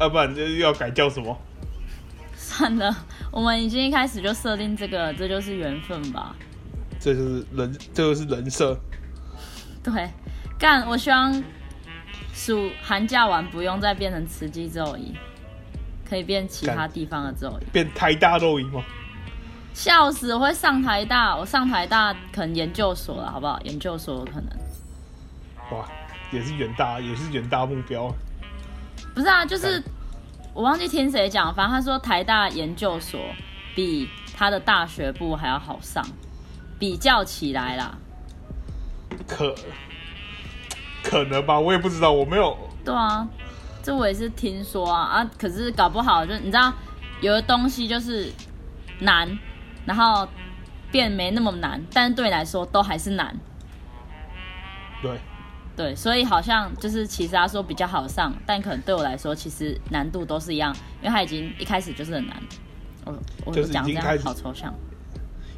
要、啊、不然就又要改叫什麼？算了，我們已經一開始就設定這個，這就是緣分吧。這就是人，這就是人設。對，幹！我希望暑寒假完不用再變成慈濟 Zoe，可以變其他地方的 Zoe，變台大 Zoe 嗎？笑死，我會上台大，我上台大可能研究所了，好不好？研究所有可能。哇，也是遠大，也是遠大目標。不是啊，就是。我忘記聽誰講，反正他說台大研究所比他的大學部還要好上，比較起來啦，可可能吧，我也不知道，我沒有。對啊，這我也是聽說啊啊！可是搞不好就你知道，有的東西就是難，然後變沒那麼難，但是對你來說都還是難。對。對，所以好像就是，其實他說比較好上，但可能對我來說，其實難度都是一樣，因為他已經一開始就是很難。哦，就是已經開始好抽象，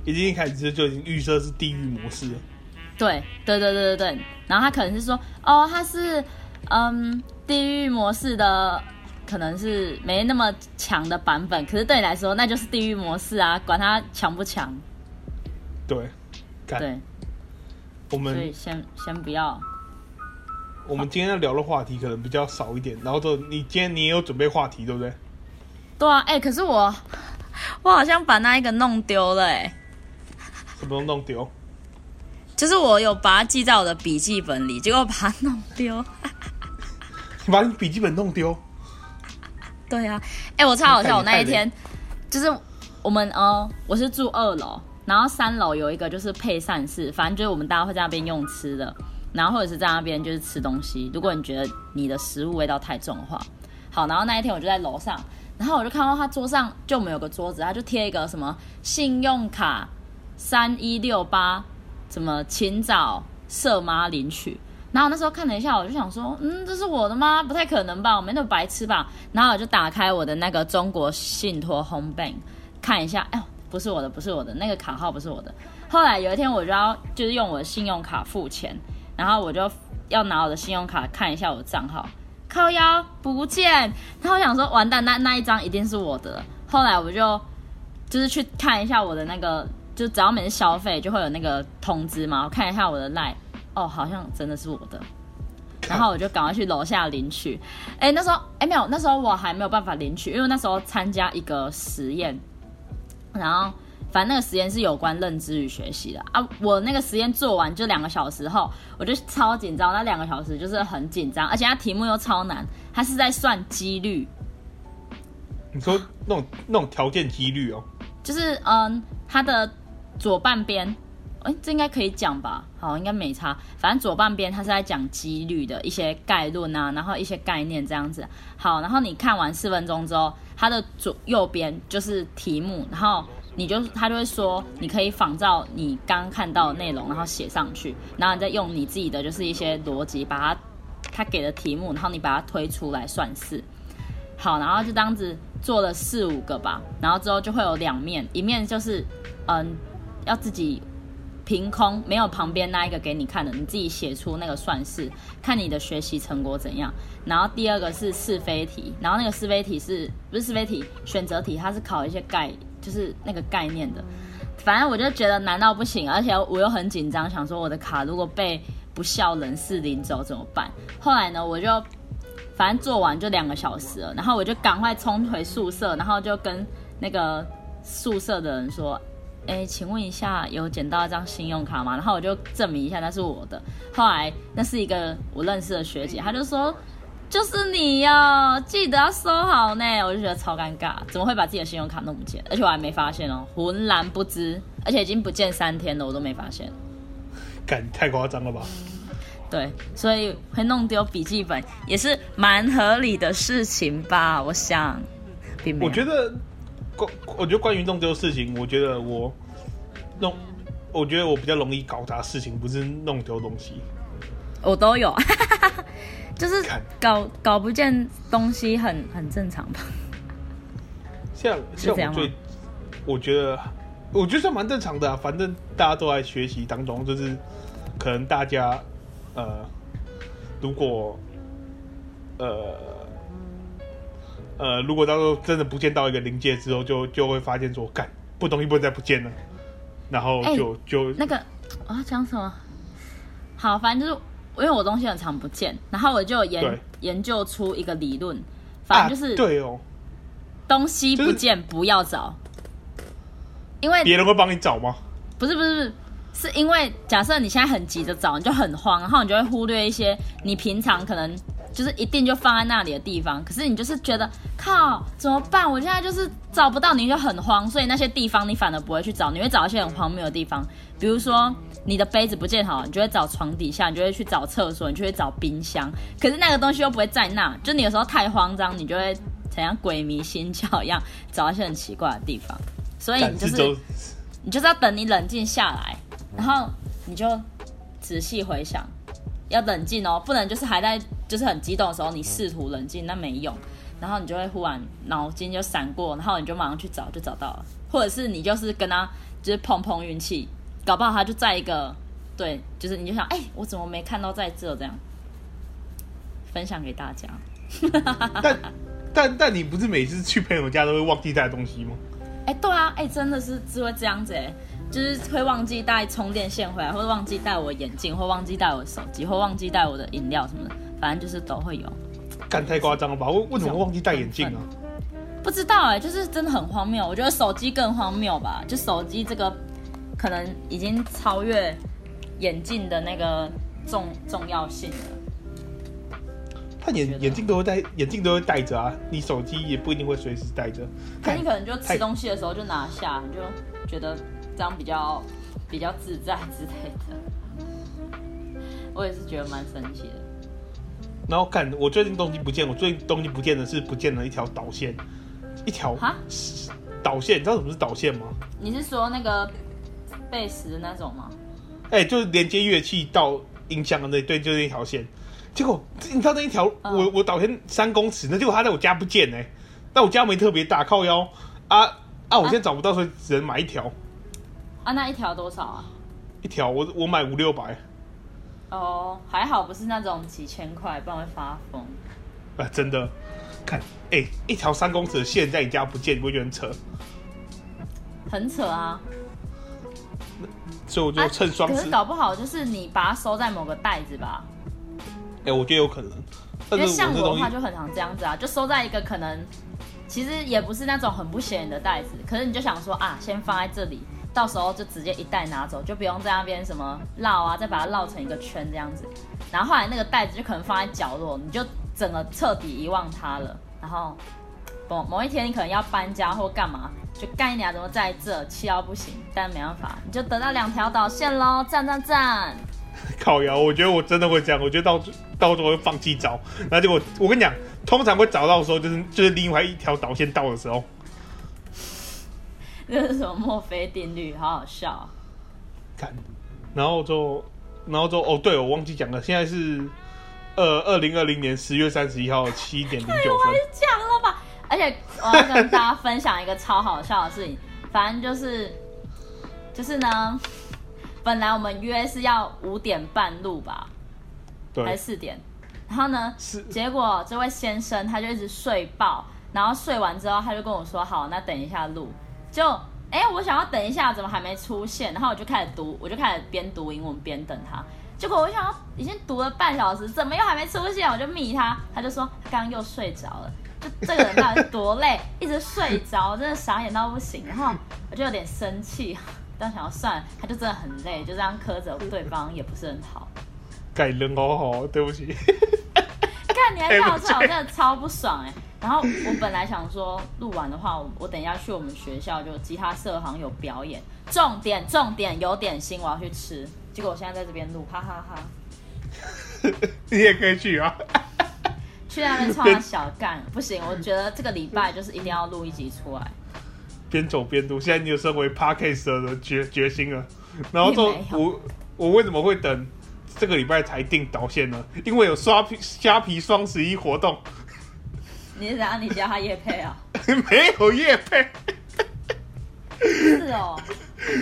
已經一開始就已經預設是地獄模式了。對對，對，對，對對。然後他可能是說，哦，他是嗯地獄模式的，可能是沒那麼強的版本，可是對你來說，那就是地獄模式啊，管他強不強。對，對，我們所以先先不要。我們今天要聊的話題可能比較少一點，然後就你今天你也有準備話題對不對？對啊，哎、欸，可是我我好像把那一個弄丟了哎、欸。什麼都弄丟？就是我有把它記在我的筆記本裡，結果把它弄丟。 你把你筆記本弄丟？對啊，哎、欸，我超好笑，我那一天就是我們哦、呃，我是住二樓，然後三樓有一個就是配膳室，反正就是我們大家會在那邊用吃的。然後或者是在那邊就是吃東西。如果你覺得你的食物味道太重的話，好，然後那一天我就在樓上，然後我就看到他桌上就沒有個桌子，他就貼一個什麼信用卡三一六八，什麼請找色媽領取。然後那時候看了一下，我就想說，嗯，這是我的嗎？不太可能吧，我沒那麼白痴吧？然後我就打開我的那個中國信托 Home Bank 看一下，哎，不是我的，不是我的，那個卡號不是我的。後來有一天我就要就是用我的信用卡付錢。然後我就要拿我的信用卡看一下我的賬號，靠腰不見。然後我想說，完蛋，那那一張一定是我的。後來我就就是去看一下我的那個，就只要每次消費就會有那個通知嘛。我看一下我的 LINE 哦，好像真的是我的。然後我就趕快去樓下領取。哎，那時候哎沒有，那時候我還沒有辦法領取，因為那時候參加一個實驗，然後。反正那個實驗是有關認知與學習的啊。我那個實驗做完就兩個小時後，我就超緊張。那兩個小時就是很緊張，而且它題目又超難，它是在算幾率。你說那種那種條件幾率哦？就是嗯，它的左半邊，哎、欸，這應該可以講吧？好，應該沒差。反正左半邊它是在講幾率的一些概論啊，然後一些概念這樣子。好，然後你看完四分鐘之後，它的左右邊就是題目，然後。你就他就會說，你可以仿照你剛看到的內容，然後寫上去，然後你再用你自己的就是一些邏輯，把它，他給的題目，然後你把它推出來算式。好，然後就這樣子做了四五個吧，然後之後就會有兩面，一面就是嗯要自己憑空沒有旁邊那一個給你看的，你自己寫出那個算式，看你的學習成果怎樣？然後第二個是是非題，然後那個是非題是不是是非題選擇題，它是考一些概。就是那個概念的，反正我就覺得難到不行，而且我又很緊張，想說我的卡如果被不肖人士領走怎麼辦？後來呢，我就反正做完就兩個小時了，然後我就趕快衝回宿舍，然後就跟那個宿舍的人說：“哎，請問一下，有撿到一張信用卡嗎？”然後我就證明一下那是我的。後來那是一個我認識的學姐，她就說。就是你喲、喔，記得要收好呢。我就覺得超尷尬，怎麼會把自己的信用卡弄不見？而且我還沒發現哦、喔，渾然不知。而且已經不見三天了，我都沒發現。幹，太誇張了吧？對，所以會弄丟筆記本也是蠻合理的事情吧？我想，我覺得關，我覺得關於弄丟事情，我覺得我弄，我覺得我比較容易搞砸事情，不是弄丟東西，我都有。 就是搞搞不見東西很很正常吧？像,像我樣我覺得我覺得算蠻正常的啊，反正大家都在學習當中，就是可能大家呃，如果呃呃，如果到時候真的不見到一個臨界之後，就就會發現說，幹，東西不能不再不見了，然後就、欸、就那個啊，我要講什麼？好，反正就是。因為我東西很常不見，然後我就研研究出一個理論，反正就是，啊、對哦，東西不見，就是，不要找，因為別人會幫你找嗎？不是不是不是，是因為假設你現在很急着找，你就很慌，然後你就會忽略一些你平常可能。就是一定就放在那裡的地方，可是你就是覺得靠怎麼辦？我現在就是找不到，你就很慌，所以那些地方你反而不會去找，你會找一些很荒謬的地方，比如說你的杯子不見好，你就會找床底下，你就會去找廁所，你就會找冰箱，可是那個東西又不會在那，就你有時候太慌張，你就會像鬼迷心竅一樣，找一些很奇怪的地方，所以你就是你就是要等你冷靜下來，然後你就仔細回想，要冷靜哦，不能就是還在。就是很激動的時候，你試圖冷靜，那沒用，然後你就會忽然腦筋就閃過，然後你就馬上去找，就找到了。或者是你就是跟他就是碰碰運氣，搞不好他就在一個，對，就是你就想，哎、欸，我怎麼沒看到在這？這樣分享給大家。 但但，但你不是每次去朋友家都會忘記帶東西嗎？哎、欸，對啊，哎、欸，真的是只會這樣子、欸，哎，就是會忘記帶充電線回來，或者忘記帶我眼鏡，或忘記帶我手機，或忘記帶我的飲料什麼的。反正就是都會有，幹，太誇張了吧？我為什麼我忘記戴眼鏡啊、嗯嗯？不知道哎、欸，就是真的很荒謬。我覺得手機更荒謬吧，就手機這個可能已經超越眼鏡的那個重重要性了。他眼眼鏡都，都會戴，眼鏡都會戴着啊，你手機也不一定會隨時戴着。那你可能就吃東西的時候就拿下，你就覺得這樣比較比較自在之類的。我也是覺得蠻神奇的。然後看我最近東西不見，我最近東西不見的是不見了一條導線，一條哈導線，你知道什麼是導線嗎？你是說那個貝斯的那種嗎？哎、欸，就是連接樂器到音箱的那對，就一條線。結果你知道那一條、呃、我我導線三公尺，那結果它在我家不見哎、欸，但我家沒特別大，靠腰啊啊！啊我現在找不到，所以只能買一條、啊。啊，那一條多少啊？一條我我買五六百。哦、oh,，還好不是那種幾千塊，不然會發瘋。啊，真的，看，哎、欸，一條三公尺的線在你家不見，你會覺得很扯，很扯啊。那就就趁雙、啊。可是搞不好就是你把它收在某個袋子吧。哎、欸，我覺得有可能但是是。因為像我的話就很常這樣子啊，就收在一個可能，其實也不是那種很不顯眼的袋子，可是你就想說啊，先放在這裡。到時候就直接一袋拿走，就不用在那邊什麼繞啊，再把它繞成一個圈這樣子。然後後來那個袋子就可能放在角落，你就整個徹底遺忘它了。然後某某一天你可能要搬家或幹嘛，就幹一點、啊、怎麼在這氣到不行，但沒辦法，你就得到兩條導線嘍！贊贊贊！靠呀，我覺得我真的會這樣，我覺得到到時候我會放棄找，那結果我跟你講，通常會找到的時候就是就是另外一條導線到的時候。那是什麼墨菲定律？好好笑。看，然後就，然後就，哦，對我忘記講了，現在是，呃，二零二零年十月三十一號七點零九分。太、哎、誇了吧！ 而且我要跟大家分享一個超好笑的事情， 反正就是，就是呢，本來我們約是要五點半錄吧，對，還是四點，然後呢是，結果這位先生他就一直睡爆，然後睡完之後他就跟我說：“好，那等一下錄。”就哎、欸，我想要等一下，怎麼還沒出現？然後我就開始讀，我就開始邊讀英文邊等他。結果我想要已經讀了半小時，怎麼又還沒出現？我就密他，他就說剛又睡着了。就這個人到底是多累， 一直睡着，真的傻眼到不行。然後我就有點生氣，但想要算了，他就真的很累，就這樣苛責對方也不是很好。改人好好，對不起。看你還笑出來，我真的超不爽。欸 然後我本來想說錄完的話，我等一下去我們學校就吉他社行，有表演，重點重點有點心我要去吃。結果我現在在這邊錄，哈哈哈，哈。 你也可以去啊，去那邊唱小干 不行，我覺得這個禮拜就是一定要錄一集出來。邊走邊錄，現在你有身為 Podcast 的決決心了。然後我我為什麼會等這個禮拜才定導線呢？因為有刷皮蝦皮雙十一活動。你是讓你叫他業配啊？ 沒有夜業配 是哦，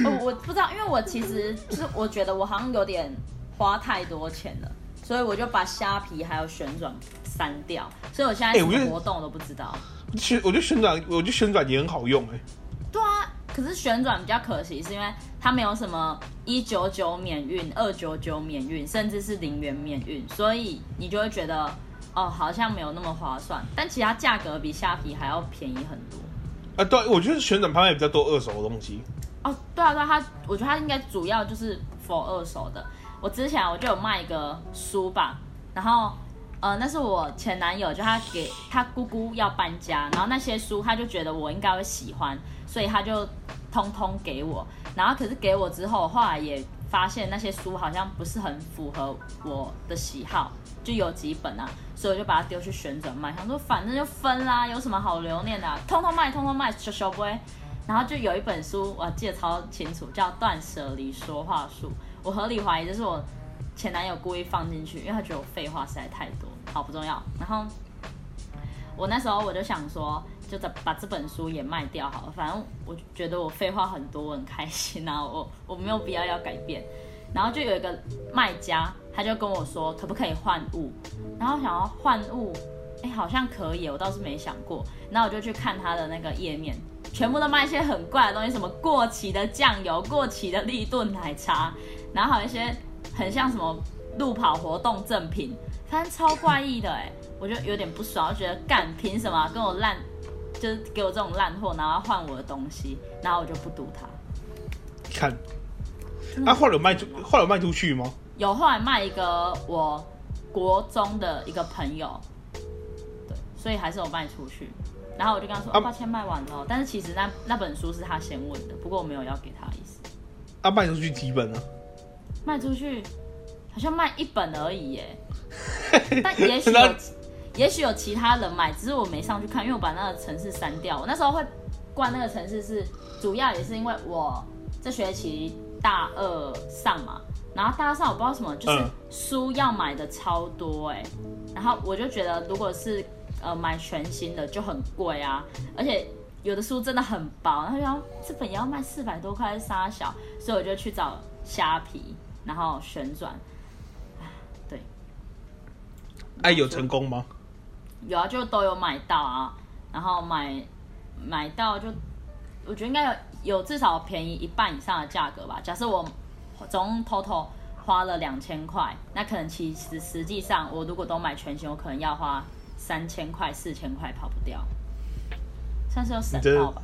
哦，我不知道，因為我其實就是我覺得我好像有點花太多錢了，所以我就把蝦皮還有旋轉刪掉。所以我現在什麼活動我都不知道。旋，欸，我覺得旋轉，我覺得旋轉也很好用哎，欸。對啊，可是旋轉比較可惜，是因為它沒有什麼一九九免運、二九九免運，甚至是零元免運，所以你就會覺得。哦，好像沒有那麼划算，但其他價格比蝦皮還要便宜很多。啊，對，我覺得旋轉拍賣比較多二手的東西。哦，對啊，對啊，他，我覺得他應該主要就是 for 二手的。我之前我就有賣一個書吧，然後，呃，那是我前男友，就他給他姑姑要搬家，然後那些書他就覺得我應該會喜歡，所以他就通通給我。然後可是給我之後，後來也發現那些書好像不是很符合我的喜好。就有幾本啊，所以我就把它丟去旋轉賣。想說：“反正就分啦，有什麼好留念的啊？通通賣，通通賣，少不會。”然後就有一本書，我記得超清楚，叫《斷舍離說話術》。我合理懷疑就是我前男友故意放進去，因為他覺得我廢話實在太多，好不重要。然後我那時候我就想說，就把這本書也賣掉好了，反正我覺得我廢話很多，我很開心然，啊，我我沒有必要要改變。然後就有一個賣家。他就跟我說可不可以換物，然後想要換物，哎、欸，好像可以，我倒是沒想過。然後我就去看他的那個頁面，全部都賣一些很怪的東西，什麼過期的醬油、過期的立頓奶茶，然後還有一些很像什麼路跑活動贈品，反正超怪異的哎、欸，我就有點不爽，我覺得幹憑什麼跟我爛，就是給我這種爛貨，然後要換我的東西，然後我就不讀他。看，那後來有賣出，後來有賣出去嗎？有後來賣一個我國中的一個朋友，對，所以還是有賣出去。然後我就跟他說，啊，抱歉賣完了，但是其實那那本書是他先問的，不過我沒有要給他意思。啊，賣出去幾本啊？賣出去好像賣一本而已耶。 但也許有，也許有其他人買，只是我沒上去看，因為我把那個城市刪掉。我那時候會逛那個城市是，是主要也是因為我這學期大二上嘛。然後大，大上我不知道什麼，就是書要買的超多欸，嗯，然後我就覺得如果是呃買全新的就很貴啊，而且有的書真的很薄，然後就這本也要賣四百多塊沙小，所以我就去找蝦皮，然後旋轉，對，哎有成功嗎？有啊，就都有買到啊，然後買買到就我覺得應該有有至少便宜一半以上的價格吧，假設我。總共偷偷花了兩千塊，那可能其實實際上我如果都買全新，我可能要花三千塊、四千塊跑不掉，算是有省到吧？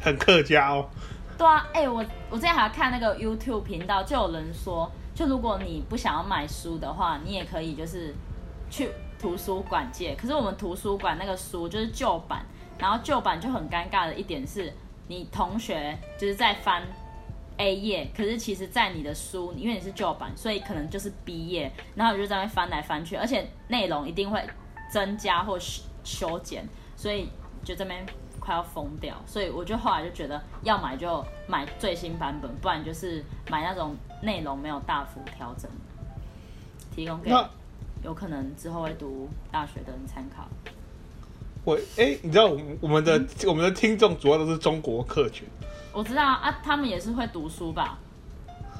很客家哦。對啊，哎、欸，我我之前還看那個 YouTube 頻道，就有人說，就如果你不想要買書的話，你也可以就是去圖書館借。可是我們圖書館那個書就是舊版，然後舊版就很尷尬的一點是，你同學就是在翻。A 頁，可是其實，在你的書，因為你是舊版，所以可能就是 B 頁，然後我就在那翻來翻去，而且內容一定會增加或修、修剪，所以就這邊快要瘋掉。所以我就後來就覺得，要買就買最新版本，不然就是買那種內容沒有大幅調整，提供給有可能之後會讀大學的人參考。我哎、欸，你知道我，我們我們的、嗯、我們的聽眾主要都是中國客群。我知道啊，他們也是會讀書吧？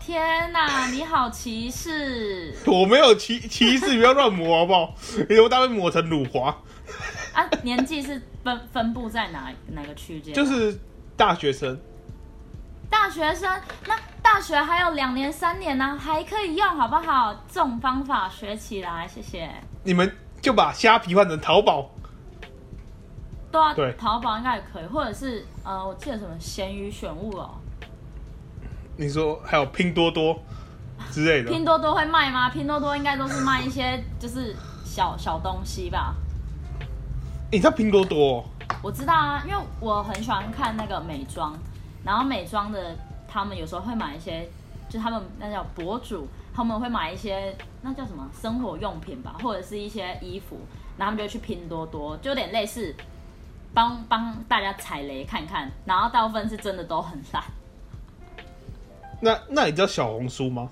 天哪，你好歧視！我沒有歧歧視，你不要亂抹好不好？別把我們抹成乳滑！啊，年紀是分分布在哪哪個區間、啊？就是大學生。大學生？那大學還有兩年、三年呢？啊，還可以用好不好？這種方法學起來，謝謝。你們就把蝦皮換成淘寶。對，啊、對，淘寶應該也可以，或者是呃，我記得什麼閒魚選物哦、喔。你說還有拼多多之類的？拼多多會賣嗎？拼多多應該都是賣一些就是小小東西吧、欸？你知道拼多多、喔？我知道啊，因為我很喜歡看那個美妝，然後美妝的他們有時候會買一些，就他們那叫博主，他們會買一些那叫什麼生活用品吧，或者是一些衣服，然後他們就會去拼多多，就有點類似。幫幫大家踩雷看看，然後大部分是真的都很爛。那那你叫小紅書嗎？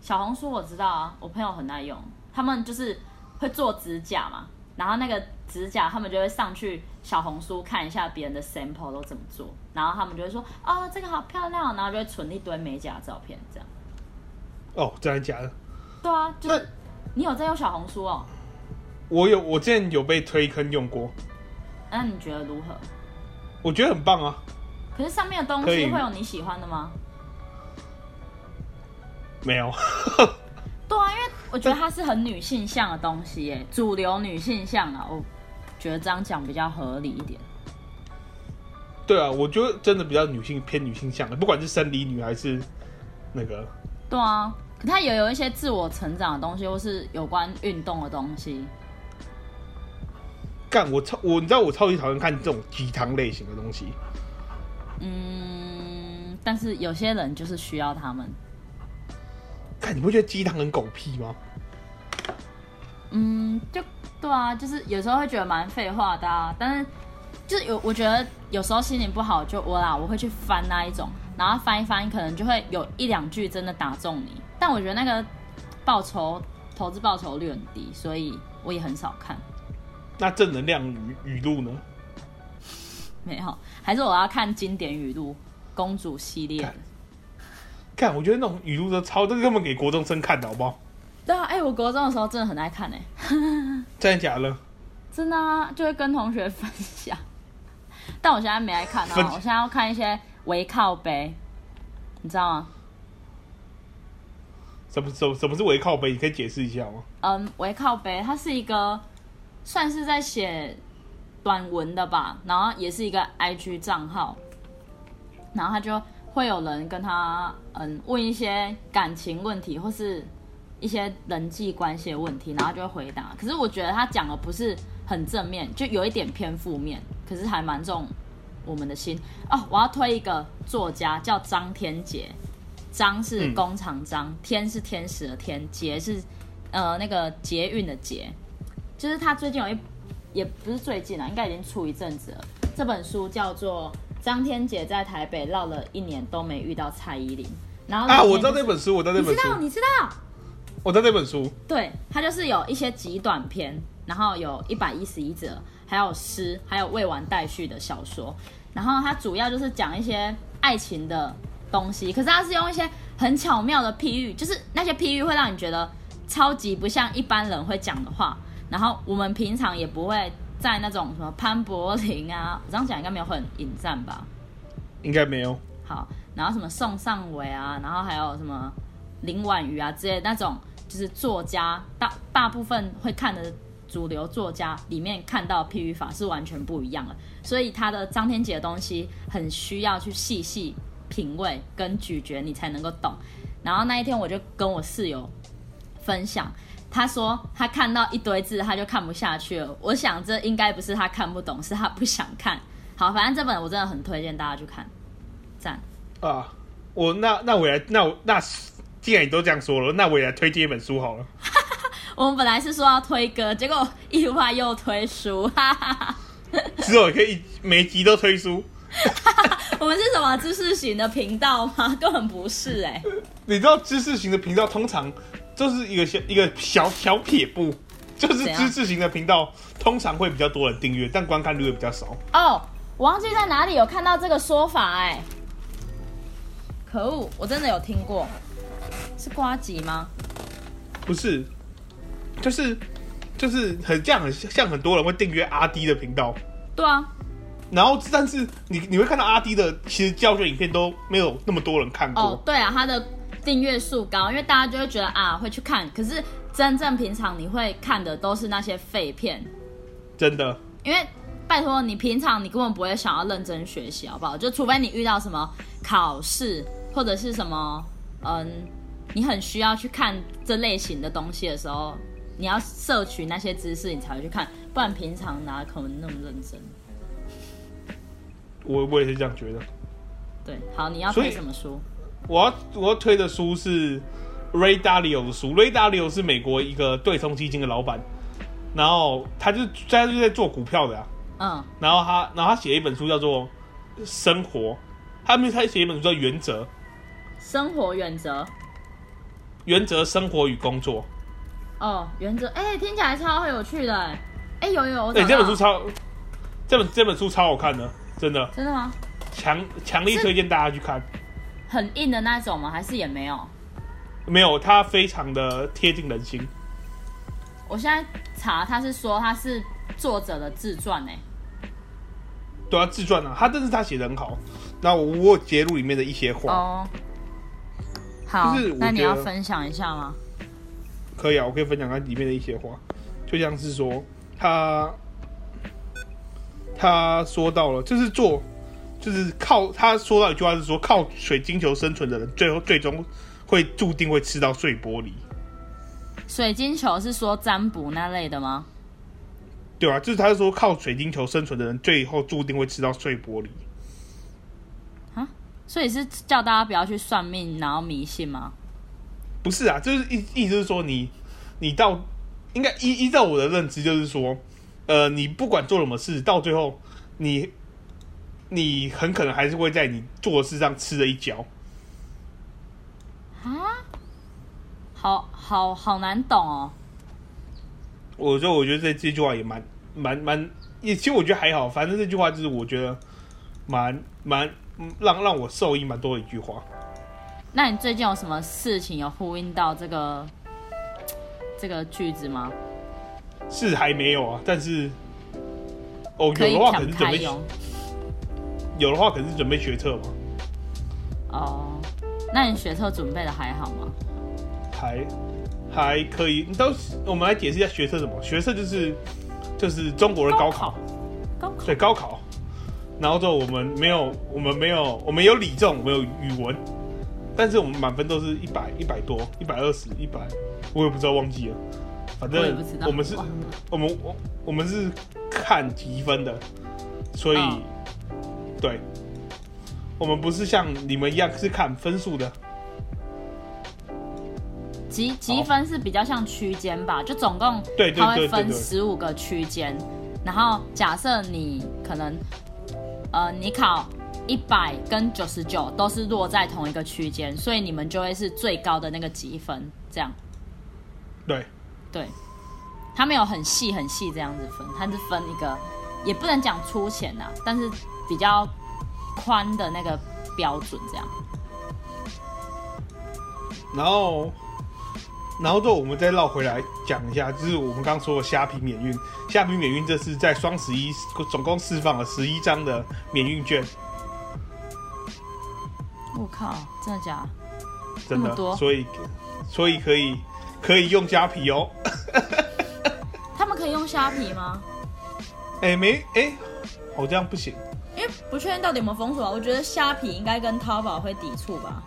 小紅書我知道啊，我朋友很愛用。他們就是會做指甲嘛，然後那個指甲他們就會上去小紅書看一下別人的 sample 都怎麼做，然後他們就會說哦，這個好漂亮，然後就會存一堆美甲照片這樣。哦，真的假的？對啊，就是你有在用小紅書哦、喔？我有，我之前有被推坑用過。那、啊、你覺得如何？我覺得很棒啊。可是上面的東西會有你喜歡的嗎？沒有。 對啊，因為我覺得它是很女性向的東西耶、欸，主流女性向啊，我覺得這樣講比較合理一點。對啊，我覺得真的比較女性偏女性向的，不管是生理女還是那個。對啊，可它也有一些自我成長的東西，或是有關運動的東西。幹，我超我，你知道我超級討厭看這種雞湯類型的東西。嗯，但是有些人就是需要他們。看，你不覺得雞湯很狗屁嗎？嗯，就對啊，就是有時候會覺得蠻廢話的啊。但是就是有，我覺得有時候心情不好，就我啦，我會去翻那一種，然後翻一翻，可能就會有一兩句真的打中你。但我覺得那個報酬，投資報酬率很低，所以我也很少看。那正能量語語錄呢？沒有，還是我要看經典語錄公主系列。看，我覺得那種語錄都超，都是根本給國中生看的，好不好？對啊，哎、欸，我國中的時候真的很愛看呢、欸。真 的假的？真的啊，就會跟同學分享。但我現在沒來看啊，我現在要看一些微靠北，你知道嗎？什麼什麼什麼是微靠北？你可以解釋一下嗎？嗯，微靠北，它是一個。算是在寫短文的吧，然後也是一個 IG 賬號，然後他就會有人跟他嗯問一些感情問題或是一些人際關係的問題，然後就會回答。可是我覺得他講的不是很正面，就有一點偏負面，可是還蠻重我們的心哦。我要推一個作家叫張天捷，張是工廠張，天是天使的天，杰是呃那個捷運的捷。就是他最近有一，也不是最近了，啊，應該已經出一陣子了。這本書叫做《張天杰在台北繞了一年都沒遇到蔡依林》，然後、就是，啊，我知道那本書，我知道那本書，你知道，你知道，我知道那本書。對，它就是有一些極短篇，然後有一百一十一則，還有詩，還有未完待續的小說。然後它主要就是講一些愛情的東西，可是它是用一些很巧妙的譬喻，就是那些譬喻會讓你覺得超級不像一般人會講的話。然後我們平常也不會在那種什麼潘柏林啊，我這樣講應該沒有很引戰吧？應該沒有。好，然後什麼宋尚偉啊，然後還有什麼林婉瑜啊之類那種，就是作家大大部分會看的主流作家裡面看到譬喻法是完全不一樣的。所以他的張天杰的東西很需要去細細品味跟咀嚼，你才能夠懂。然後那一天我就跟我室友分享。他說他看到一堆字，他就看不下去了。我想這應該不是他看不懂，是他不想看。好，反正這本我真的很推薦大家去看，讚啊！我那那我也那我那既然你都這樣說了，那我也來推薦一本書好了。 我們本來是說要推歌，結果意外又推書，哈哈。之後可以一每一集都推書，哈哈。我們是什麼知識型的頻道嗎？根本不是哎、欸。 你知道知識型的頻道通常？就是一個小一個小小撇步，就是知識型的頻道，通常會比較多人訂閱，但觀看率也比較少。哦，我忘記在哪裡有看到這個說法、欸，哎，可惡，我真的有聽過，是呱吉嗎？不是，就是就是很像很像很多人會訂閱阿滴的頻道，對啊，然後但是你你會看到阿滴的其實教學影片都沒有那麼多人看過，哦、oh,，對啊，他的。訂閱數高，因為大家就會覺得啊，會去看。可是真正平常你會看的都是那些廢片，真的。因為拜托，你平常你根本不會想要認真學習，好不好？就除非你遇到什麼考試或者是什麼，嗯，你很需要去看這類型的東西的時候，你要攝取那些知識，你才會去看。不然平常哪可能那麼認真？我我也是這樣覺得。對，好，你要對什麼書？我要我要推的書是 Ray Dalio 的書，Ray Dalio 是美國一個對沖基金的老板，然後他就在就在做股票的啊，嗯，然後他然後他寫一本書叫做《生活》，他沒他寫一本書叫《原則》，《生活原則》，《原則生活與工作》。哦，原《原則》哎，聽起來超有趣的、欸，哎、欸，有有有。哎、欸，這本書超，這本這本書超好看的，真的。真的嗎？強強力推薦大家去看。很硬的那種嗎？還是也沒有？沒有，他非常的貼近人心。我現在查，他是說他是作者的自傳誒。對啊，自傳啊，他但是他寫的很好。那我我有節錄裡面的一些話。哦。好，那你要分享一下嗎？可以啊，我可以分享它裡面的一些話，就像是說他他說到了，就是做。就是靠他說到一句話是說，靠水晶球生存的人，最後最終會注定會吃到碎玻璃。水晶球是說占卜那類的嗎？對啊，就是他是說靠水晶球生存的人，最後注定會吃到碎玻璃。啊？所以是叫大家不要去算命，然後迷信嗎？不是啊，就是意意思就是說你你到應該依依照我的認知就是說，呃，你不管做什麼事，到最後你。你很可能還是會在你做事上吃了一跤啊！好好好難懂哦。我說，我覺得這這句話也蠻、蠻、蠻……也其實我覺得還好，反正這句話就是我覺得蠻蠻讓讓我受益蠻多的一句話。那你最近有什麼事情有呼應到這個這個句子嗎？是還沒有啊，但是哦，可有的話很怎麼？有的話，肯定是準備學測嘛。哦，那你學測準備的還好嗎？還，還可以。你到時，我們來解釋一下學測什麼？學測就是就是中國的高考。高考。高考對高考。然後之後我，我們沒有，我們沒有，我們有理綜，沒有語文。但是我們滿分都是一百一百多，一百二十一百，我也不知道忘記了。反正我們是，我們我我們是看積分的，所以。哦對，我們不是像你們一樣是看分數的，積積分是比較像區間吧，就總共對對對對，它會分十五個區間，然後假設你可能，呃，你考一百跟九十九都是落在同一個區間，所以你們就會是最高的那個積分這樣。對對，它沒有很細很細這樣子分，他是分一個，也不能講粗淺啊，但是。比較寬的那個標準，這樣。然後，然後，就我們再繞回來講一下，就是我們剛說的蝦皮免運。蝦皮免運，這是在雙十一總共釋放了十一張的免運券。我靠，真的假的？這麼多，所以，所以可以可以用蝦皮喔。 他們可以用蝦皮嗎？欸，沒欸，好像不行。因為不確定到底有沒有封鎖啊，我覺得蝦皮應該跟淘寶會抵觸吧。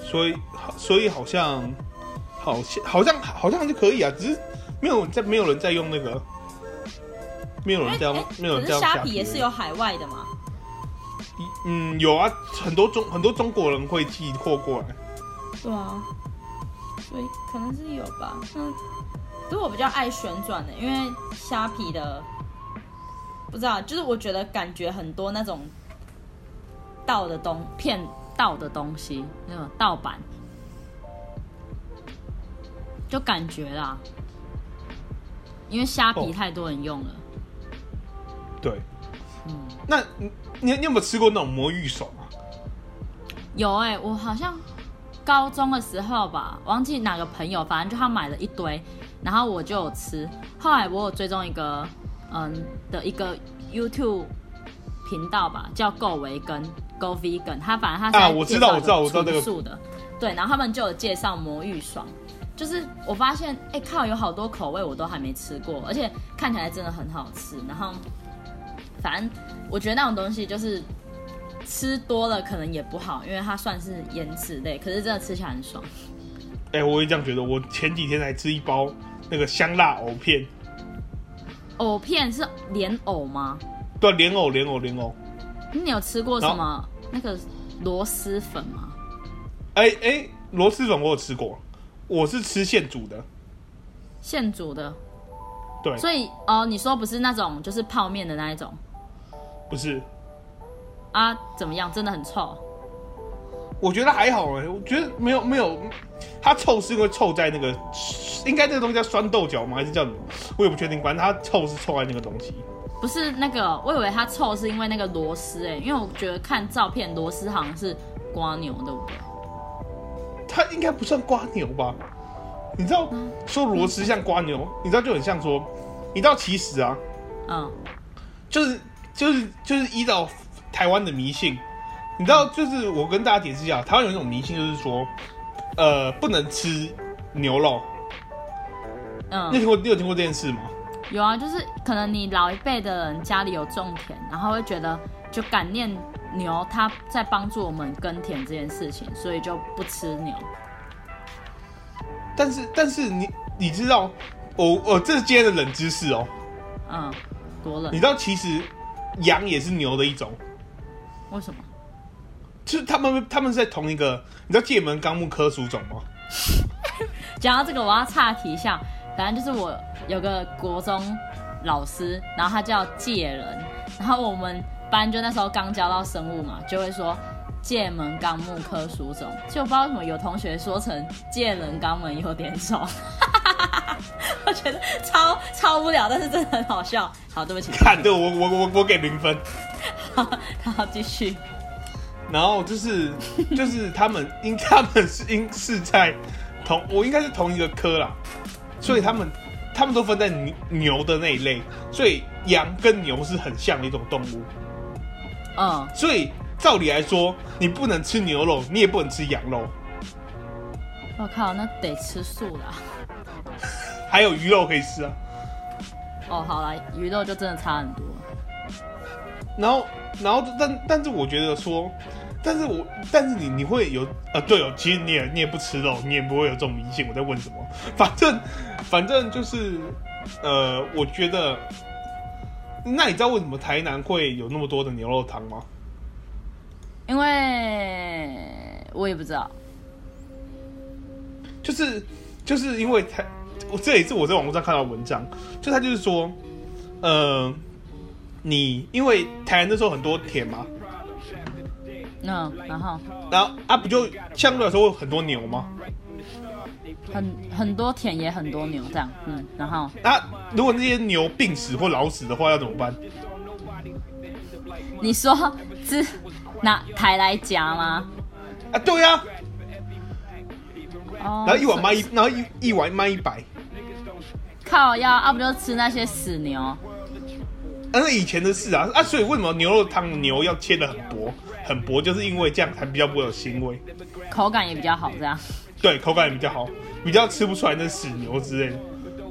所以好，所以好像，好像好像好像就可以啊，只是沒有在沒有人在用那個，沒有，欸、沒有人在用，沒有再，可是蝦皮也是有海外的嘛。嗯，有啊，很多中很多中國人會寄貨過來。對啊，所以可能是有吧。嗯，所以我比較愛旋轉的、欸，因為蝦皮的。不知道，就是我覺得感覺很多那種盜的東騙盜的東西，那種盜版，就感覺啦。因為蝦皮太多人用了。哦、對，嗯，那你你有沒有吃過那種魔芋爽啊？有哎、欸，我好像高中的時候吧，忘記哪個朋友，反正就他買了一堆，然後我就有吃。後來我有追蹤一個。嗯，的一個 YouTube 頻道吧，叫 “Go Veg” 跟 “Go Vegan”，他反正他是一啊我，我知道，我知道，我知道這個。素的，對。然後他們就有介紹魔芋爽，就是我發現，哎、欸、靠，有好多口味我都還沒吃過，而且看起來真的很好吃。然後，反正我覺得那種東西就是吃多了可能也不好，因為它算是醃製類，可是真的吃起來很爽。哎、欸，我也這樣覺得。我前幾天來吃一包那個香辣藕片。藕片是蓮藕嗎？對，蓮藕，蓮藕，蓮藕。你，你有吃過什麼、啊、那個螺螄粉嗎？哎、欸、哎、欸，螺螄粉我有吃過，我是吃現煮的。現煮的。對。所以哦、呃，你說不是那種就是泡麵的那一種。不是。啊？怎麼樣？真的很臭。我覺得還好哎、欸，我覺得沒有沒有，它臭是因為臭在那個，應該這個東西叫酸豆角嗎？還是叫……我也不確定。反正它臭是臭在那個東西。不是那個，我以為它臭是因為那個螺絲哎、欸，因為我覺得看照片螺絲好像是蝸牛對不對？它應該不算蝸牛吧？你知道、嗯、說螺絲像蝸牛、嗯，你知道就很像說，你知道其實啊，嗯，就是就是就是依照台灣的迷信。你知道，就是我跟大家解釋一下，他有一種迷信，就是說，呃，不能吃牛肉。嗯。你有聽過，你有聽過這件事嗎？有啊，就是可能你老一輩的人家裡有種田，然後會覺得就感念牛，它在幫助我們耕田這件事情，所以就不吃牛。但是，但是你你知道，我、哦、我、哦、這是今天的冷知識哦。嗯。多冷！你知道，其實羊也是牛的一種。為什麼？就是他們他們是在同一個，你知道界門綱目科屬種嗎？講到這個，我要岔題一下。反正就是我有個國中老師，然後他叫介人，然後我們班就那時候剛教到生物嘛，就會說界門綱目科屬種。就不知道為什麼有同學說成介人肛門有點腫， 我覺得超超無聊，但是真的很好笑。好，對不起。看、啊、這我我我我給零分。好，繼續。然後就是，就是他們應他們是應是在同我應該是同一個科啦，所以他們他們都分在牛，牛的那一類，所以羊跟牛是很像的一種動物。嗯，所以照理來說，你不能吃牛肉，你也不能吃羊肉。我、哦、靠，那得吃素啦、啊， 還有魚肉可以吃啊。哦，好啦，魚肉就真的差很多。然後，然後，但但是，我覺得說，但是我，但是你，你會有啊？對哦，其實你也，你也不吃肉，你也不會有這種迷信。我在問什麼？反正，反正就是，呃，我覺得，那你知道為什麼台南會有那麼多的牛肉湯嗎？因為我也不知道，就是，就是因為台。我這一次我在網絡上看到文章，就他就是說，嗯、呃。你因為台南那時候很多田嘛？嗯，然後，然後啊不就相對來說會很多牛嗎？很很多田也很多牛這樣，嗯，然後，那、啊、如果那些牛病死或老死的話要怎麼辦？你說是拿台來夾嗎？啊對呀、啊哦，然後一碗賣一，然後一一碗賣一百，靠要阿、啊、不就吃那些死牛？啊、那是以前的事啊！啊，所以為什麼牛肉湯牛要切得很薄很薄，就是因為這樣才比較不會有腥味，口感也比較好，這樣。對，口感也比較好，比較吃不出來那死牛之類。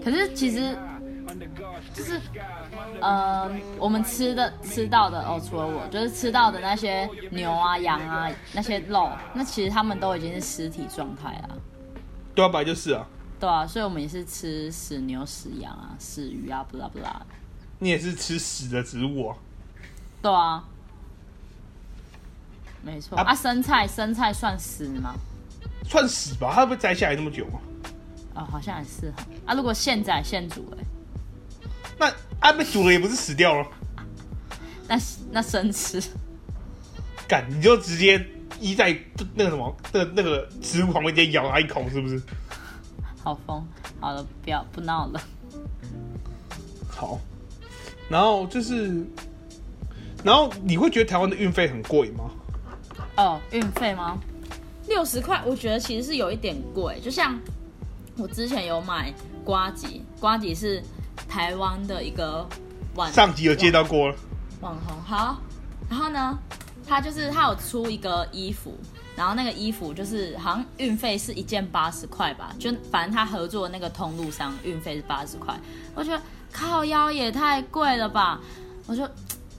可是其實就是呃，我們吃的吃到的哦，除了我，就是吃到的那些牛啊、羊啊那些肉，那其實他們都已經是屍體狀態了，啊。對啊，本來就是啊。對啊，所以我們也是吃死牛、死羊啊、死魚啊，不拉不拉的。你也是吃死的植物、啊，對啊，沒錯啊，啊，生菜生菜算死嗎？算死吧，它會不會摘下來那麼久啊，哦、好像也是啊。如果現摘現煮，欸，哎，那啊被煮了也不是死掉了，啊，那那生吃，幹，你就直接依在那個什麼那個那個植物旁邊直接咬它一口，是不是？好瘋，好了，不要不鬧了，好。然後就是，然後你會覺得台灣的運費很貴嗎？哦，運費嗎？六十塊，我覺得其實是有一點貴。就像我之前有買呱吉，呱吉是台灣的一個網，上集有接到過網紅。好，然後呢，他就是他有出一個衣服，然後那個衣服就是好像運費是一件八十塊吧，就反正他合作的那個通路商運費是八十塊，我覺得。靠腰也太貴了吧，我就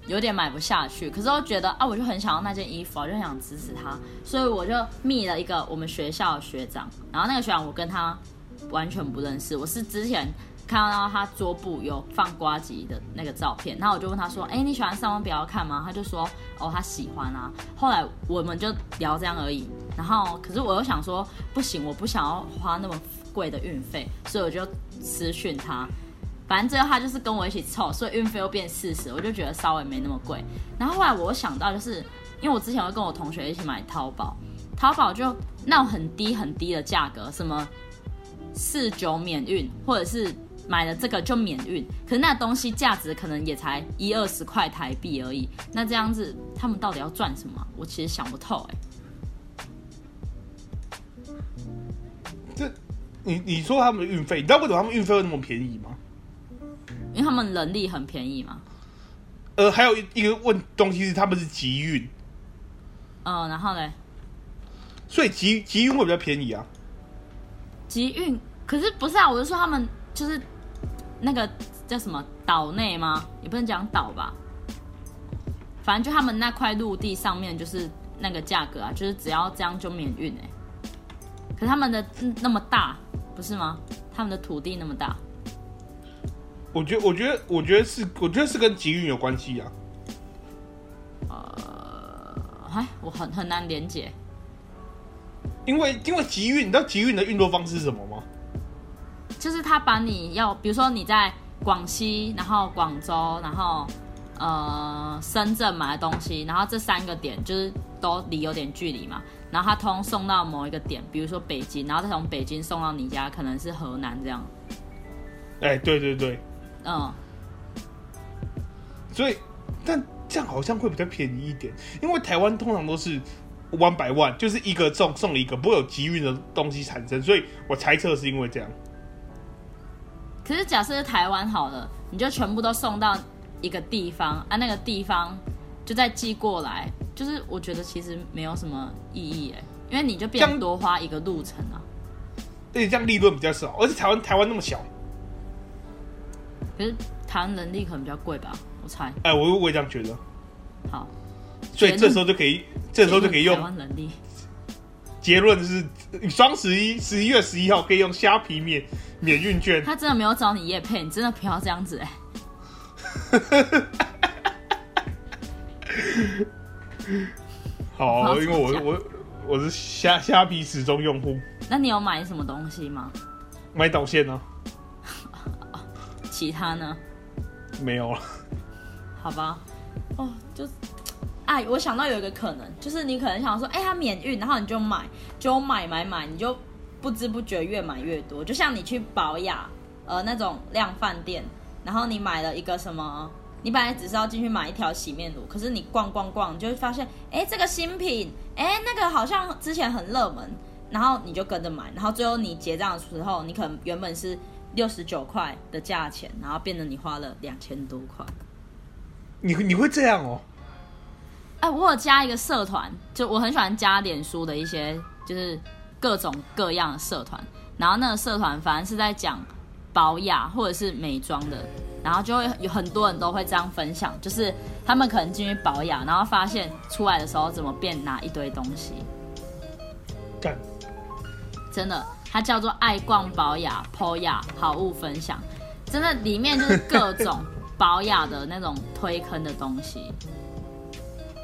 有點買不下去。可是我覺得啊，我就很想要那件衣服，我就很想支持他，所以我就密了一個我們學校的學長。然後那個學長我跟他完全不認識，我是之前看到他桌布有放呱吉的那個照片，然後我就問他說：“哎、欸，你喜歡《上班不要看》嗎？”他就說：“哦，他喜歡啊。”後來我們就聊這樣而已。然後可是我又想說，不行，我不想要花那麼貴的運費，所以我就私訊他。反正最後他就是跟我一起湊，所以運費又變四十，我就覺得稍微沒那麼貴。然後後來我想到，就是因為我之前會跟我同學一起買淘寶，淘寶就那種很低很低的價格，什麼四九免運，或者是買了這個就免運，可是那東西價值可能也才一二十塊台幣而已。那這樣子他們到底要賺什麼？我其實想不透哎、欸。這，你你說他們的運費，你知道為什麼他們運費會那麼便宜嗎？因為他們人力很便宜嘛。呃，還有一個問東西是他們是集運。嗯、呃，然後呢？所以集集運會比較便宜啊。集運可是不是啊？我是說他們就是那個叫什麼島內嗎？也不能講島吧。反正就他們那塊陸地上面就是那個價格啊，就是只要這樣就免運哎、欸。可是他們的那麼大不是嗎？他們的土地那麼大。我覺得，我覺得，我覺得是，我覺得是跟集運有關係啊。呃，哎，我很很難理解。因為，因為集運，你知道集運的運作方式是什麼嗎？就是他把你要，比如說你在廣西，然後廣州，然後呃深圳買的東西，然後這三個點就是都離有點距離嘛，然後他通送到某一個點，比如說北京，然後再從北京送到你家，可能是河南這樣。哎、欸，對對對。嗯，所以，但這樣好像會比較便宜一點，因為台灣通常都是 one by one，就是一個送送一個，不會有集運的東西產生，所以我猜測是因為這樣。可是假設台灣好了，你就全部都送到一個地方啊，那個地方就再寄過來，就是我覺得其實沒有什麼意義，欸、因為你就變多花一個路程啊，而且這樣利潤比較少，而且台灣台灣那麼小。可是台灣能力可能比較貴吧，我猜。哎、欸，我我也這樣覺得。好。所以這時候就可以，這時候就可以用台灣能力。結論是，雙十一十一月十一號可以用蝦皮免免運券。他真的沒有找你業配，你真的不要這樣子哎、欸。 好，因為我我我是蝦蝦皮始終用戶。那你有買什麼東西嗎？買導線啊。其他呢？沒有了。好吧，哦，就，哎，我想到有一個可能，就是你可能想說，哎、欸，它免運，然後你就買，就買買買，你就不知不覺越買越多。就像你去寶雅，呃，那種量販店，然後你買了一個什麼，你本來只是要進去買一條洗面乳，可是你逛逛逛，你就會發現，哎、欸，這個新品，哎、欸，那個好像之前很熱門，然後你就跟着買，然後最後你結賬的時候，你可能原本是。六十九塊的價錢，然後變得你花了兩千多塊。你你會這樣哦？哎、欸，我有加一個社團，就我很喜歡加臉書的一些，就是各種各樣的社團。然後那個社團，反正是在講寶雅或者是美妝的，然後就會有很多人都會這樣分享，就是他們可能進去寶雅，然後發現出來的時候怎麼變拿一堆東西。幹，真的。它叫做愛逛寶雅，Po 雅好物分享，真的裡面就是各種寶雅的那種推坑的東西。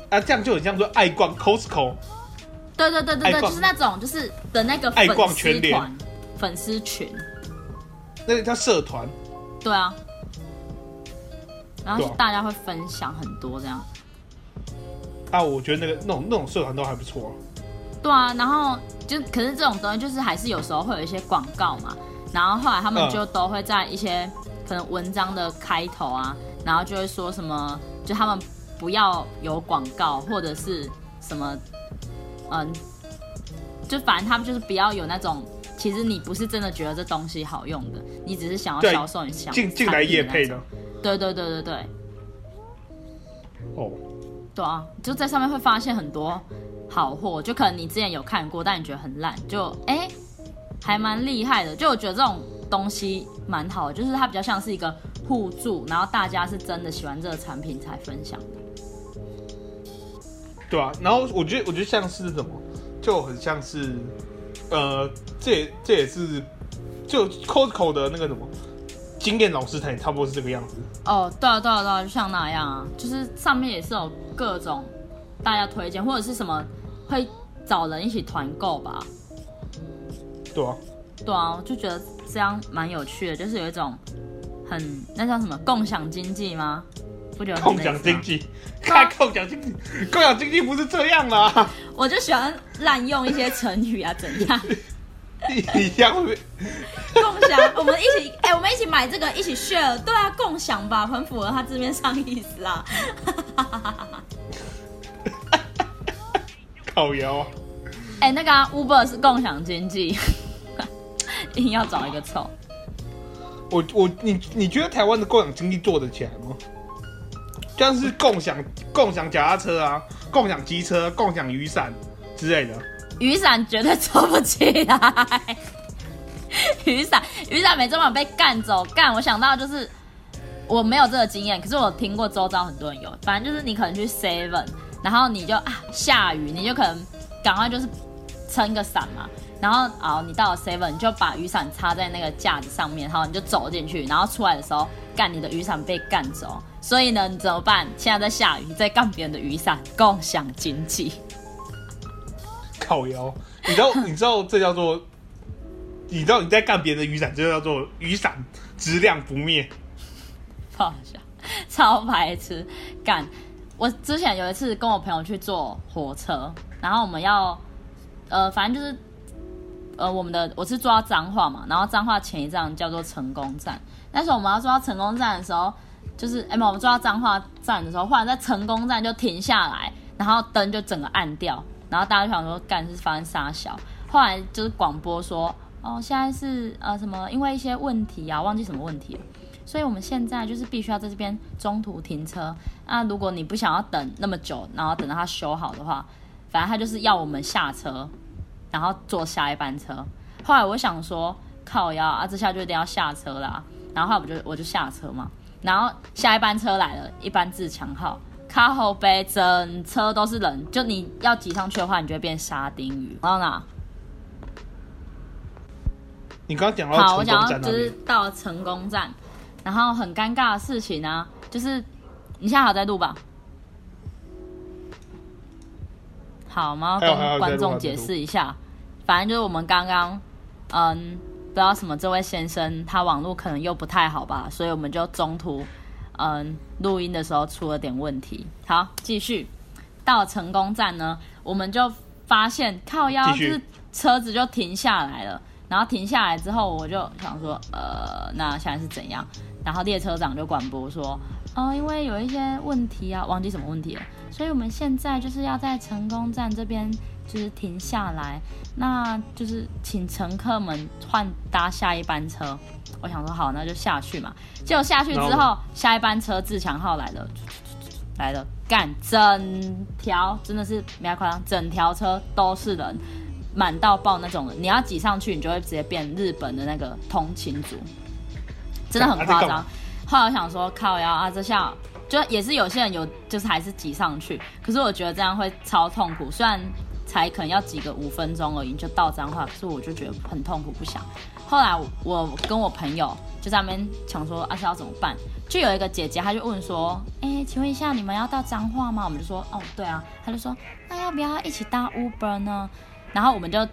啊，這樣就很像說愛逛 Costco。對對對對對，就是那種就是的那個粉絲愛逛群，團粉絲群，那個叫社團。對啊。然後大家會分享很多這樣。啊，啊，我覺得那個那種那種社團都還不錯啊。對啊，然後就可是這種東西，就是還是有時候會有一些廣告嘛。然後後來他們就都會在一些可能文章的開頭啊，然後就會說什麼，就他們不要有廣告或者是什麼，嗯，就反正他們就是不要有那種，其實你不是真的覺得這東西好用的，你只是想要銷售你想進進來業配的，對對對對對，對，對。哦、oh。對啊，就在上面會發現很多。好貨就可能你之前有看過，但你覺得很爛，就哎、欸，還蠻厲害的。就我覺得這種東西蠻好，就是它比較像是一個互助，然後大家是真的喜歡這個產品才分享的。對啊，然後我覺得我覺得像是什麼，就很像是，呃，這也這也是就 Costco 的那個什麼經驗老師他也差不多是這個樣子。哦、oh，對啊，對啊，對啊，就像那樣啊，就是上面也是有各種大家推薦或者是什麼。會找人一起團購吧？對啊，對啊，就覺得這樣蠻有趣的，就是有一種很那叫什麼共享經濟嗎？不叫共享經濟，看共享經濟， 共享經濟不是這樣嗎？我就喜歡濫用一些成語啊， 怎樣？你這樣會？共享， 我們一起，哎、欸，我們一起買這個，一起 share，對啊，共享吧，很符合它字面上意思啊。 好研啊！哎、欸，那個、啊、Uber 是共享經濟，一定要找一個臭。我我你你覺得台灣的共享經濟做得起來嗎？這樣是共享、共享腳踏車啊，共享機車、共享雨傘之類的。雨傘絕對做不起來。 雨傘雨傘沒這麼被幹走幹。我想到就是我沒有這個經驗，可是我聽過周遭很多人有。反正就是你可能去 Seven。然後你就啊下雨，你就可能趕快就是撐個傘嘛。然後好，後你到了 seven，你就把雨傘插在那個架子上面，然後你就走進去，然後出來的時候幹你的雨傘被幹走。所以呢，你怎麼辦？現在在下雨，你在幹別人的雨傘，共享經濟。靠夭，你知道你知道這叫做， 你知道你在幹別人的雨傘，這叫做雨傘質量不滅。不好笑，超白痴幹。我之前有一次跟我朋友去坐火車，然後我們要，呃，反正就是，呃，我們的我是坐到彰化嘛，然後彰化前一站叫做成功站。那時候我們要坐到成功站的時候，就是，哎、欸，我們坐到彰化站的時候，後來在成功站就停下來，然後燈就整個暗掉，然後大家就想說，幹是發生沙小，後來就是廣播說，哦，現在是呃什麼，因為一些問題呀、啊，忘記什麼問題了。所以我們現在就是必須要在這邊中途停車。啊，如果你不想要等那麼久，然後等到它修好的話，反正它就是要我們下車，然後坐下一班車。後來我想說，靠腰啊，這下就一定要下車啦。然後，後來我就我就下車嘛。然後下一班車來了，一班自強號，靠後背，整車都是人，就你要擠上去的話，你就會變沙丁魚。好，哪？你剛剛講到成功站。然後很尷尬的事情呢、啊，就是你下好再錄吧，好嗎？我們要跟觀眾解釋一下，反正就是我們剛剛，嗯，不知道什麼這位先生他網絡可能又不太好吧，所以我們就中途，嗯，錄音的時候出了點問題。好，繼續。到成功站呢，我們就發現靠腰，就是車子就停下來了，然後停下來之後，我就想說，呃，那現在是怎樣？然後列車長就廣播說，哦，因為有一些問題啊，忘記什麼問題了，所以我們現在就是要在成功站這邊就是停下來，那就是請乘客們換搭下一班車。我想說好，那就下去嘛。結果下去之後，後下一班車自強號來了，來了，幹，整條真的是沒誇張，整條車都是人，滿到爆那種人，你要擠上去，你就會直接變日本的那個通勤族。真的很誇張，後來我想說靠呀，然啊，這下就也是有些人有，就是還是擠上去。可是我覺得這樣會超痛苦，雖然才可能要擠個五分鐘而已，就到彰化，可是我就覺得很痛苦，不想。後來我，我跟我朋友就在那邊想說、啊，是要怎麼辦？就有一個姐姐，她就問說：“哎、欸，請問一下，你們要到彰化嗎？”我們就說：“哦，對啊。”她就說：“那要不要一起搭 Uber 呢？”然後我們就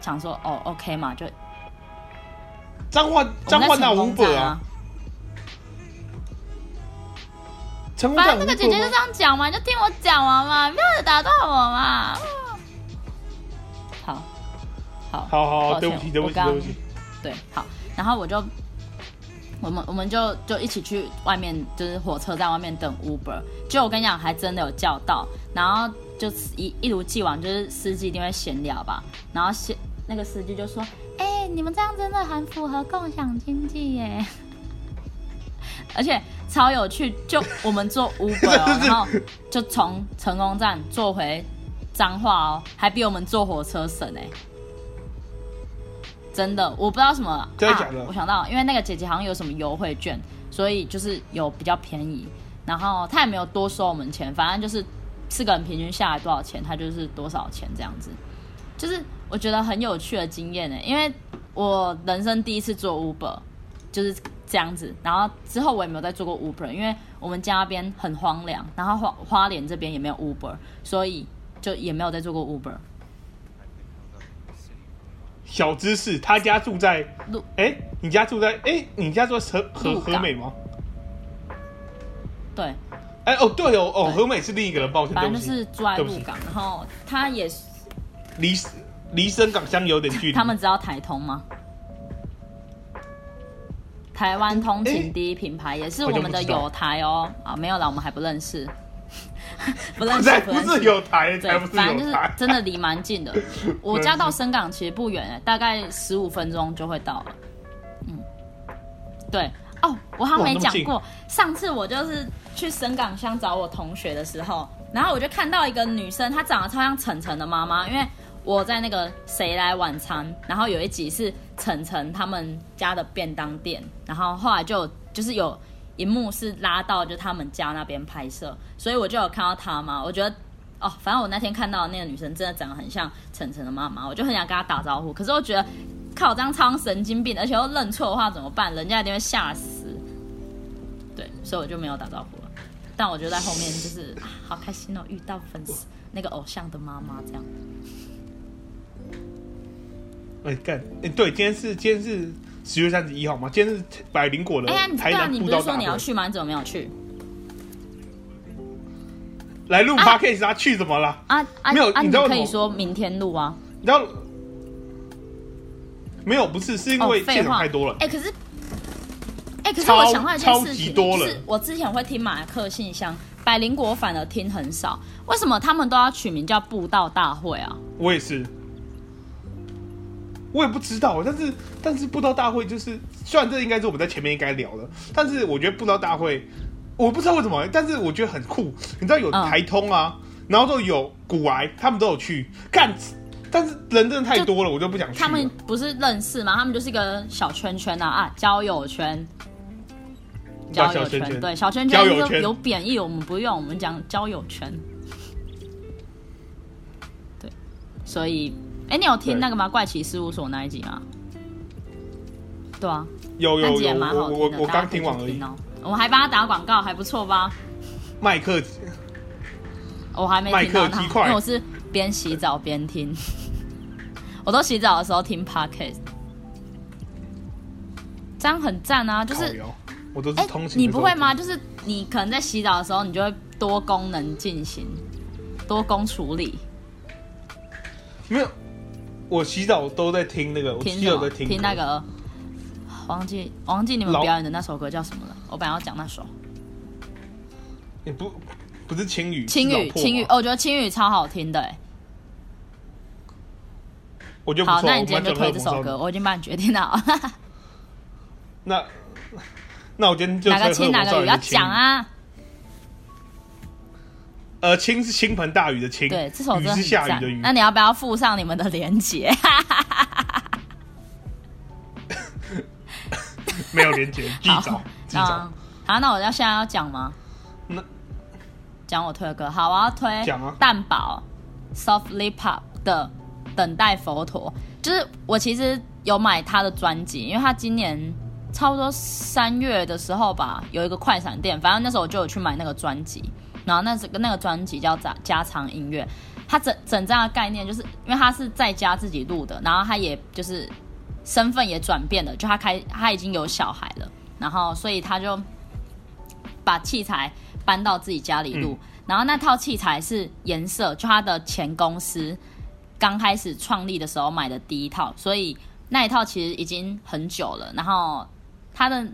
想說：“哦，OK 嘛，就。”髒話髒話那 Uber 啊！反正那個姐姐就這樣講嘛，嗯、你就聽我講完嘛，不要打斷我嘛。好，好，好,好，好，對不起剛剛，對不起，對不起。對，好，然後我就，我們我們就就一起去外面，就是火車在外面等 Uber。就我跟你講，還真的有叫到，然後就一一如既往，就是司機一定會閒聊吧，然後閒。那個司機就說：“哎、欸，你們這樣真的很符合共享經濟耶， 而且超有趣。就我們坐 Uber， 然後 就從成功站坐回彰化，哦，還比我們坐火車省呢。真的。我不知道什麼真的假的。我想到，因為那個姐姐好像有什麼優惠券，所以就是有比較便宜。然後她也沒有多收我們錢，反正就是四個人平均下來多少錢，她就是多少錢這樣子。”就是我覺得很有趣的經驗呢、欸，因為我人生第一次做 Uber，就是這樣子。然後之後我也沒有再做過 Uber，因為我們家邊很荒涼，然後花花蓮這邊也沒有 Uber，所以就也沒有再做過 Uber。小知識，他家住在路，哎、欸，你家住在哎、欸，你家住在和和和美嗎？對，哎、欸、哦對哦哦對，和美是另一個人報的，反正是住在鹿港，然後他也是。離離深港鄉有點距離。他們知道台通嗎？台灣通勤第一品牌也是我們的友台哦、喔欸。啊，沒有啦，我們還不認識。 不認識，不是友台、欸。對台，反正就是真的離蠻近的。我家到深港其實不遠、欸，大概十五分鐘就會到了。嗯，對哦，我還沒講過。上次我就是去深港鄉找我同學的時候，然後我就看到一個女生，她長得超像晨晨的媽媽，因為。我在那個誰來晚餐，然後有一集是晨晨他們家的便當店，然後後來就就是有一幕是拉到就他們家那邊拍攝，所以我就有看到他嘛。我覺得哦，反正我那天看到那個女生真的長得很像晨晨的媽媽，我就很想跟她打招呼。可是我覺得靠張超神經病，而且又認錯的話怎麼辦？人家一定會嚇死。對，所以我就沒有打招呼了。但我覺得在後面就是啊，好開心哦，遇到粉絲那個偶像的媽媽這樣。哎幹哎對，今天是今天是十月三十一號嘛？今天是百靈果的哎呀、欸啊，你對啊，你不是說你要去嗎？你怎麼沒有去？來錄 podcast，a 他去怎麼了？啊，啊沒有，啊、你都可以說明天錄啊？你知道沒有？不是，是因為內容太多了。哎、哦欸，可是哎、欸，可是我想到了一件事情，就是我之前會聽馬克信箱，百靈果反而聽很少。為什麼他們都要取名叫布道大會啊？我也是。我也不知道，但是但是布道大會就是，雖然這應該是我們在前面應該聊的，但是我覺得布道大會，我不知道為什麼，但是我覺得很酷。你知道有台通啊，嗯、然後都有股癌，他們都有去幹，但是人真的太多了，就我就不想去。他們不是認識嗎？他們就是一個小圈圈吶啊，啊，交友圈，交友圈小圈圈對小圈圈，交友圈，小圈，圈有有貶義，我們不用，我們講交友圈， 對，所以。哎、欸，你有聽那個嗎？怪奇事務所那一集嗎？對啊，有有有，那我剛聽、喔、聽完而已哦。我們還幫他打廣告，還不錯吧？麥克，我還沒聽到他，因為我是邊洗澡邊聽。 我都洗澡的時候聽 Podcast，這樣很贊啊！就是我都是通勤、欸、你不會嗎？就是你可能在洗澡的時候，你就會多功能進行，多功處理，因為。我洗澡都在聽那個，我洗澡我在聽聽那個，忘記忘記你們表演的那首歌叫什麼了？我本來要講那首，欸、不不是，青雨，青雨青雨、哦，我覺得青雨超好聽的、欸，哎，我覺得好，那你今天就推這首歌，嗯、我已經幫你決定了。 那那我今天就哪個青哪個雨要講啊？呃，傾是傾盆大雨的傾，對，這首歌下雨的雨。那你要不要附上你們的鏈接？ 沒有鏈接，繼續講。好，那我要現在要講嗎？那講我推的歌，好我要推講、啊。講蛋堡，Soft Lipa 的《等待佛陀》，就是我其實有買他的專輯，因為他今年差不多三月的時候吧，有一個快閃店，反正那時候我就有去買那個專輯。然後那整個那個專輯叫《家常音樂》，他整整張的概念就是因為他是在家自己錄的，然後他也就是身份也轉變了，就他開他已經有小孩了，然後所以他就把器材搬到自己家裡錄、嗯，然後那套器材是顏色，就他的前公司剛開始創立的時候買的第一套，所以那一套其實已經很久了，然後他的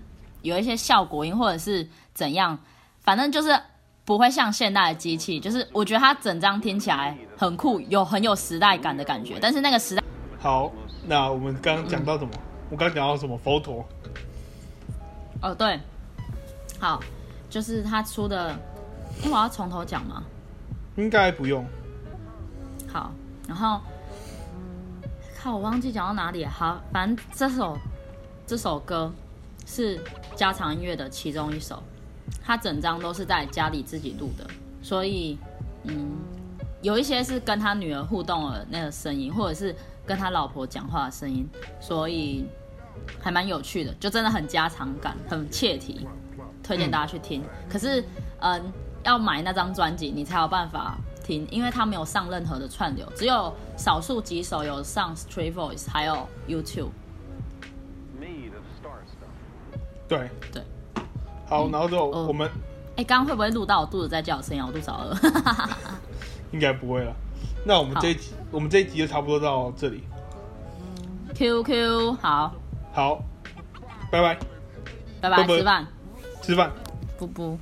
有一些效果音或者是怎樣，反正就是。不會像現代的機器，就是我覺得它整張聽起來很酷，有很有時代感的感覺。但是那個時代，好，那我們剛剛講到什麼？嗯、我剛剛講到什麼？佛、嗯、陀。哦，對，好，就是他出的，因、欸、為我要從頭講嘛。應該不用。好，然後，靠、嗯、我忘記講到哪裡了。好，反正這首這首歌是家長音樂的其中一首。他整張都是在家裡自己錄的，所以，嗯，有一些是跟他女兒互動的那個聲音，或者是跟他老婆講話的聲音，所以還蠻有趣的，就真的很家常感，很切題，推薦大家去聽、嗯。可是，嗯，要買那張專輯你才有辦法聽，因為他沒有上任何的串流，只有少數幾首有上 Street Voice，還有 YouTube。Made of Starstuff。對對。好，然後就我們，哎、嗯，剛、呃、剛、欸、會不會錄到我肚子在叫的聲音啊？我肚子好餓。了 應該不會了。那我們這一集，我們這一集就差不多到這裡，嗯。QQ，好，好，拜拜，拜拜，吃飯，吃飯，不不。